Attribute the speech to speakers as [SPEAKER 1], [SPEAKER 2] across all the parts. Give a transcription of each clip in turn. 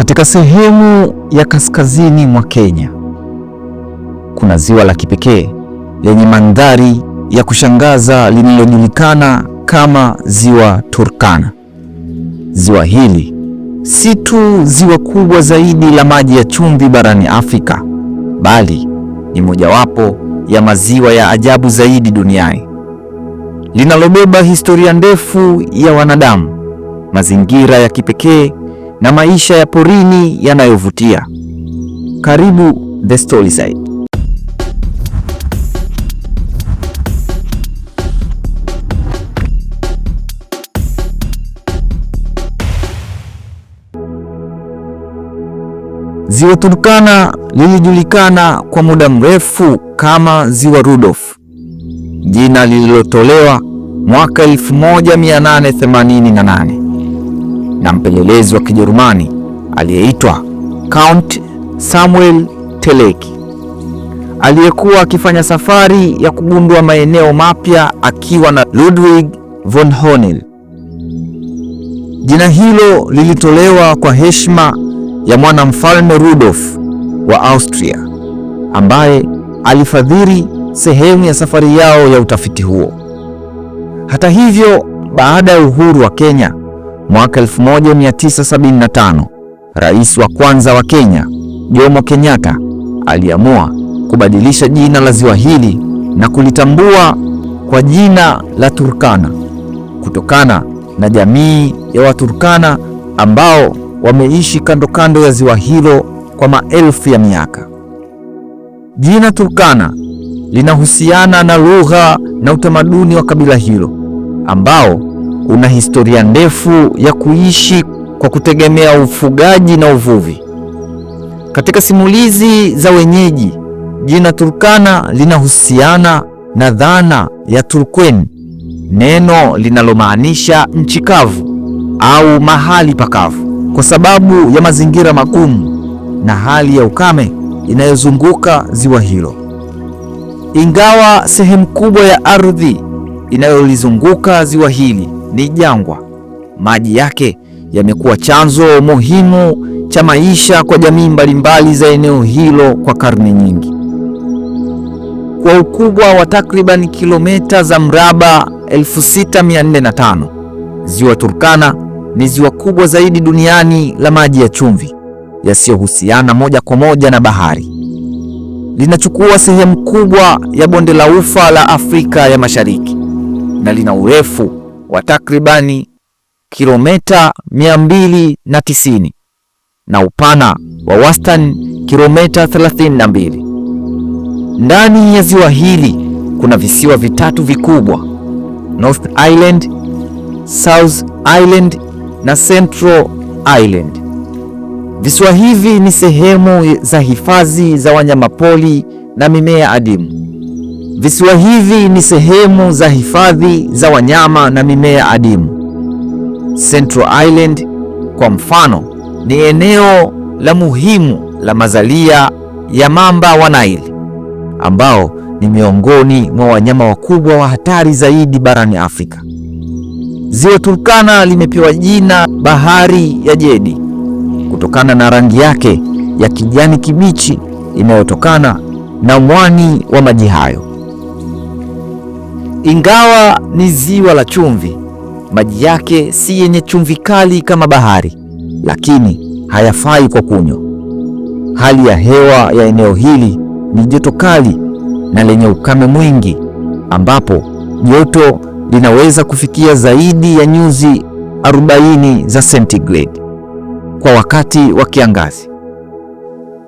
[SPEAKER 1] Katika sehemu ya kaskazini mwa Kenya kuna ziwa la kipekee lenye mandhari ya kushangaza linalojulikana kama Ziwa Turkana. Ziwa hili si tu ziwa kubwa zaidi la maji ya chumvi barani Afrika, bali ni mojawapo ya maziwa ya ajabu zaidi duniani, linalobeba historia ndefu ya wanadamu, mazingira ya kipekee na maisha ya porini yanayovutia. Karibu The Side. Ziwa Turkana lilijulikana kwa muda mrefu kama Ziwa Rudolf, jina lililotolewa mwaka 1888 na mpelelezi wa Kijerumani aliyeitwa Count Samuel Teleki aliyekuwa akifanya safari ya kugundua maeneo mapya akiwa na Ludwig von Honel. Jina hilo lilitolewa kwa heshima ya mwanamfalme Rudolf wa Austria ambaye alifadhili sehemu ya safari yao ya utafiti huo. Hata hivyo, baada ya uhuru wa Kenya, Mwaka 1975 rais wa kwanza wa Kenya Jomo Kenyatta aliamua kubadilisha jina la ziwa hili na kulitambua kwa jina la Turkana kutokana na jamii ya Waturkana ambao wameishi kando kando ya ziwa hilo kwa maelfu ya miaka. Jina Turkana linahusiana na lugha na utamaduni wa kabila hilo ambao una historia ndefu ya kuishi kwa kutegemea ufugaji na uvuvi. Katika simulizi za wenyeji, jina Turkana linahusiana na dhana ya Turkwen, neno linalomaanisha nchi kavu au mahali pakavu. Kwa sababu ya mazingira magumu na hali ya ukame inayozunguka ziwa hilo, ingawa sehemu kubwa ya ardhi inayolizunguka ziwa hili ni jangwa. Maji yake yamekuwa chanzo muhimu cha maisha kwa jamii mbalimbali za eneo hilo kwa karne nyingi. Kwa ukubwa wa takriban kilomita za mraba 6405, ziwa Turkana ni ziwa kubwa zaidi duniani la maji ya chumvi yasiyohusiana moja kwa moja na bahari. Linachukua sehemu kubwa ya bonde la ufa la Afrika ya Mashariki na lina urefu wa takribani kilomita 290 na upana wa wastani kilomita 32. Ndani ya ziwa hili kuna visiwa vitatu vikubwa, North Island, South Island na Central Island. Visiwa hivi ni sehemu za hifadhi za wanyamapori na mimea adimu. Visiwa hivi ni sehemu za hifadhi za wanyama na mimea adimu. Central Island kwa mfano ni eneo la muhimu la mazalia ya mamba wa Nile ambao ni miongoni mwa wanyama wakubwa wa hatari zaidi barani Afrika. Ziwa Turkana limepewa jina Bahari ya Jedi kutokana na rangi yake ya kijani kibichi inayotokana na mwani wa maji hayo. Ingawa ni ziwa la chumvi, maji yake si yenye chumvi kali kama bahari, lakini hayafai kwa kunywa. Hali ya hewa ya eneo hili ni joto kali na lenye ukame mwingi, ambapo joto linaweza kufikia zaidi ya nyuzi 40 za sentigredi kwa wakati wa kiangazi.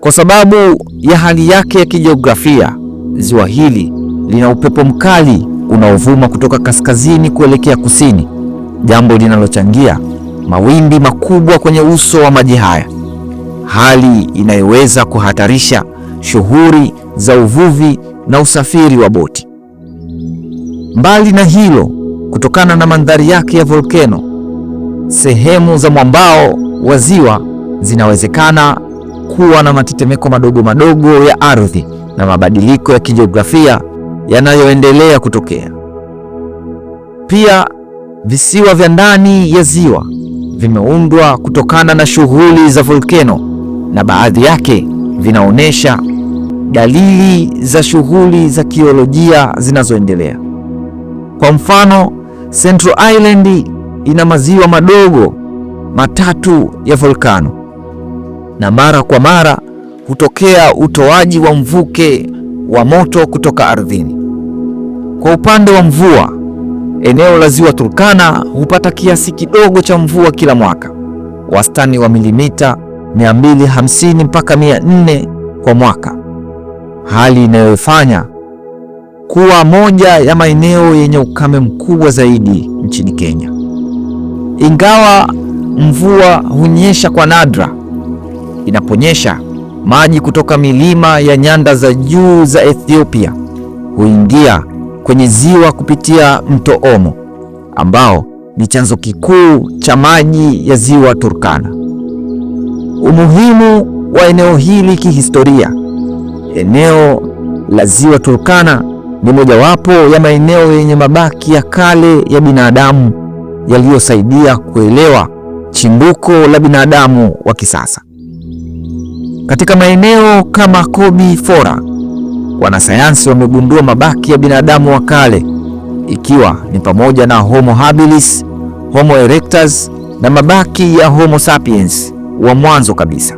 [SPEAKER 1] Kwa sababu ya hali yake ya kijiografia, ziwa hili lina upepo mkali unaovuma kutoka kaskazini kuelekea kusini, jambo linalochangia mawimbi makubwa kwenye uso wa maji haya, hali inayoweza kuhatarisha shughuli za uvuvi na usafiri wa boti. Mbali na hilo, kutokana na mandhari yake ya volkeno, sehemu za mwambao wa ziwa zinawezekana kuwa na matetemeko madogo madogo ya ardhi na mabadiliko ya kijiografia yanayoendelea kutokea. Pia visiwa vya ndani ya ziwa vimeundwa kutokana na shughuli za volkeno na baadhi yake vinaonyesha dalili za shughuli za kiolojia zinazoendelea. Kwa mfano, Central Island ina maziwa madogo matatu ya volkano na mara kwa mara hutokea utoaji wa mvuke wa moto kutoka ardhini. Kwa upande wa mvua, eneo la ziwa Turkana hupata kiasi kidogo cha mvua kila mwaka, wastani wa milimita 250 mpaka 400 kwa mwaka, hali inayofanya kuwa moja ya maeneo yenye ukame mkubwa zaidi nchini Kenya. Ingawa mvua hunyesha kwa nadra, inaponyesha maji kutoka milima ya nyanda za juu za Ethiopia huingia kwenye ziwa kupitia mto Omo ambao ni chanzo kikuu cha maji ya ziwa Turkana. Umuhimu wa eneo hili kihistoria. Eneo la ziwa Turkana ni mojawapo ya maeneo yenye mabaki ya kale ya binadamu yaliyosaidia kuelewa chimbuko la binadamu wa kisasa. Katika maeneo kama Kobi Fora wanasayansi wamegundua mabaki ya binadamu wa kale ikiwa ni pamoja na Homo habilis, Homo erectus na mabaki ya Homo sapiens wa mwanzo kabisa.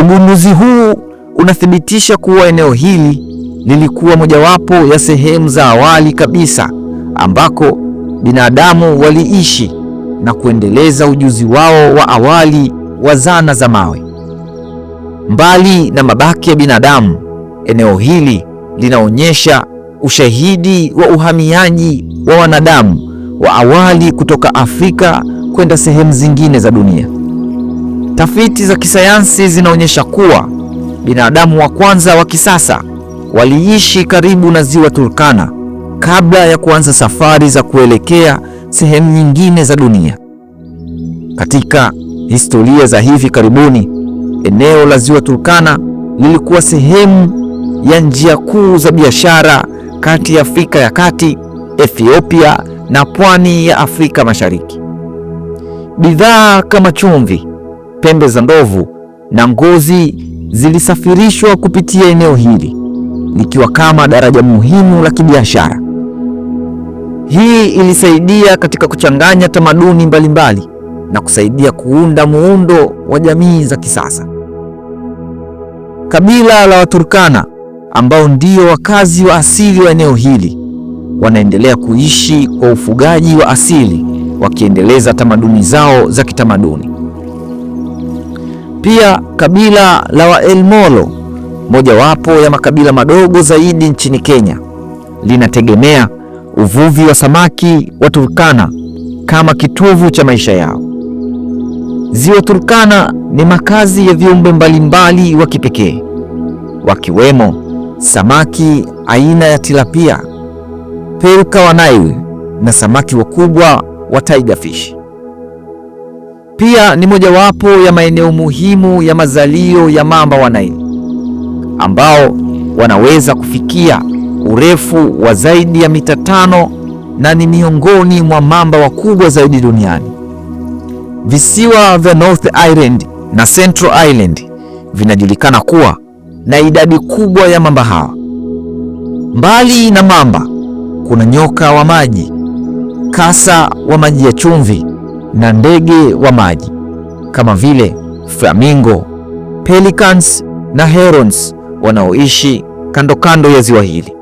[SPEAKER 1] Ugunduzi huu unathibitisha kuwa eneo hili lilikuwa mojawapo ya sehemu za awali kabisa ambako binadamu waliishi na kuendeleza ujuzi wao wa awali wa zana za mawe. Mbali na mabaki ya binadamu Eneo hili linaonyesha ushahidi wa uhamiaji wa wanadamu wa awali kutoka Afrika kwenda sehemu zingine za dunia. Tafiti za kisayansi zinaonyesha kuwa binadamu wa kwanza wa kisasa waliishi karibu na ziwa Turkana kabla ya kuanza safari za kuelekea sehemu nyingine za dunia. Katika historia za hivi karibuni, eneo la ziwa Turkana lilikuwa sehemu ya njia kuu za biashara kati ya Afrika ya Kati, Ethiopia na pwani ya Afrika Mashariki. Bidhaa kama chumvi, pembe za ndovu na ngozi zilisafirishwa kupitia eneo hili likiwa kama daraja muhimu la kibiashara. Hii ilisaidia katika kuchanganya tamaduni mbalimbali mbali na kusaidia kuunda muundo wa jamii za kisasa. Kabila la Waturkana ambao ndio wakazi wa asili wa eneo hili wanaendelea kuishi kwa ufugaji wa asili wakiendeleza tamaduni zao za kitamaduni. Pia kabila la Waelmolo, mojawapo ya makabila madogo zaidi nchini Kenya, linategemea uvuvi wa samaki wa Turkana kama kitovu cha maisha yao. Ziwa Turkana ni makazi ya viumbe mbalimbali wa kipekee wakiwemo samaki aina ya tilapia, pelka wa Nile na samaki wakubwa wa tiger fish. Pia ni mojawapo ya maeneo muhimu ya mazalio ya mamba wa Nile ambao wanaweza kufikia urefu wa zaidi ya mita tano na ni miongoni mwa mamba wakubwa zaidi duniani. Visiwa vya North Island na Central Island vinajulikana kuwa na idadi kubwa ya mamba hawa. Mbali na mamba, kuna nyoka wa maji, kasa wa maji ya chumvi na ndege wa maji kama vile flamingo, pelicans na herons wanaoishi kando kando ya ziwa hili.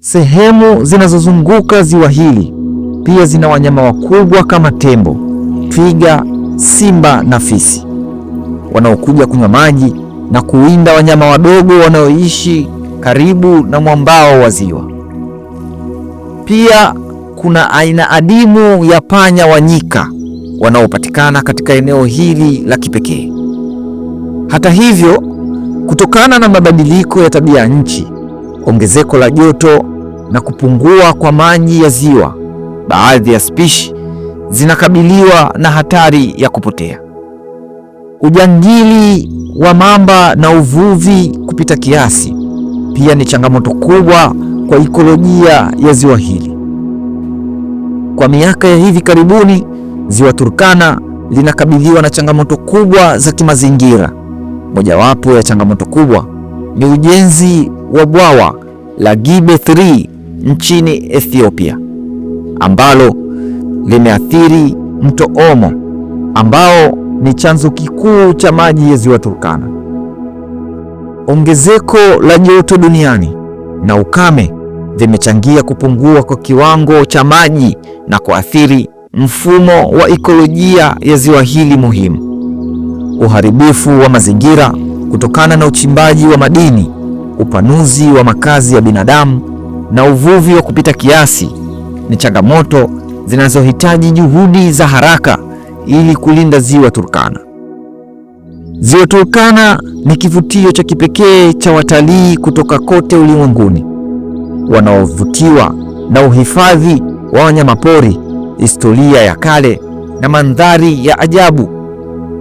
[SPEAKER 1] Sehemu zinazozunguka ziwa hili pia zina wanyama wakubwa kama tembo, twiga, simba na fisi wanaokuja kunywa maji na kuwinda wanyama wadogo wanaoishi karibu na mwambao wa ziwa. Pia kuna aina adimu ya panya wa nyika wanaopatikana katika eneo hili la kipekee. Hata hivyo, kutokana na mabadiliko ya tabia nchi, ongezeko la joto na kupungua kwa maji ya ziwa, baadhi ya spishi zinakabiliwa na hatari ya kupotea. Ujangili wa mamba na uvuvi kupita kiasi pia ni changamoto kubwa kwa ikolojia ya ziwa hili. Kwa miaka ya hivi karibuni, ziwa Turkana linakabiliwa na changamoto kubwa za kimazingira. Mojawapo ya changamoto kubwa ni ujenzi wa bwawa la Gibe 3 nchini Ethiopia ambalo limeathiri mto Omo ambao ni chanzo kikuu cha maji ya ziwa Turkana. Ongezeko la joto duniani na ukame vimechangia kupungua kwa kiwango cha maji na kuathiri mfumo wa ikolojia ya ziwa hili muhimu. Uharibifu wa mazingira kutokana na uchimbaji wa madini, upanuzi wa makazi ya binadamu na uvuvi wa kupita kiasi ni changamoto zinazohitaji juhudi za haraka ili kulinda ziwa Turkana. Ziwa Turkana ni kivutio cha kipekee cha watalii kutoka kote ulimwenguni wanaovutiwa na uhifadhi wa wanyamapori, historia ya kale na mandhari ya ajabu.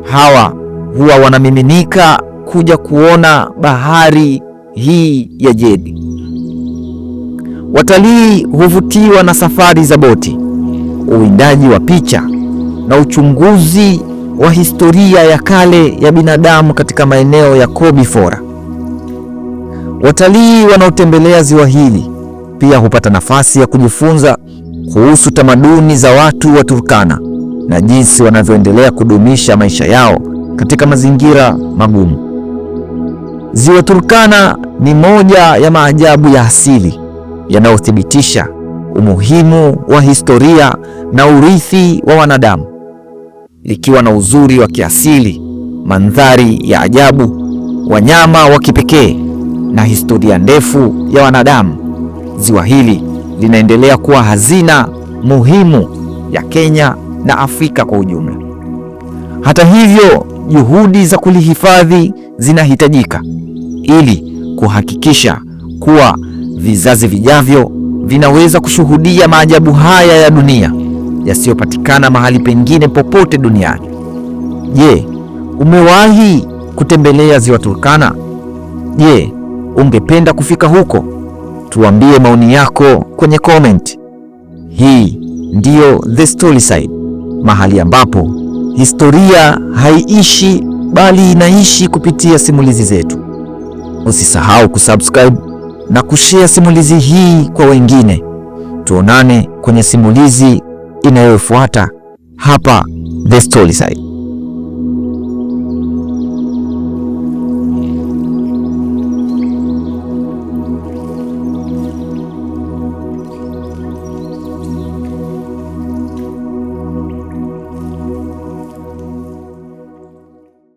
[SPEAKER 1] Hawa huwa wanamiminika kuja kuona bahari hii ya Jedi. Watalii huvutiwa na safari za boti, uwindaji wa picha na uchunguzi wa historia ya kale ya binadamu katika maeneo ya fora Watalii wanaotembelea ziwa hili pia hupata nafasi ya kujifunza kuhusu tamaduni za watu wa Turkana na jinsi wanavyoendelea kudumisha maisha yao katika mazingira magumu. Ziwa Turkana ni moja ya maajabu ya asili yanayothibitisha umuhimu wa historia na urithi wa wanadamu likiwa na uzuri wa kiasili, mandhari ya ajabu, wanyama wa kipekee na historia ndefu ya wanadamu. Ziwa hili linaendelea kuwa hazina muhimu ya Kenya na Afrika kwa ujumla. Hata hivyo, juhudi za kulihifadhi zinahitajika ili kuhakikisha kuwa vizazi vijavyo vinaweza kushuhudia maajabu haya ya dunia yasiyopatikana mahali pengine popote duniani. Je, umewahi kutembelea ziwa Turkana? Je, ungependa kufika huko? Tuambie maoni yako kwenye comment. Hii ndiyo The Storyside, mahali ambapo historia haiishi bali inaishi kupitia simulizi zetu. Usisahau kusubscribe na kushare simulizi hii kwa wengine. Tuonane kwenye simulizi inayofuata hapa The Story Side.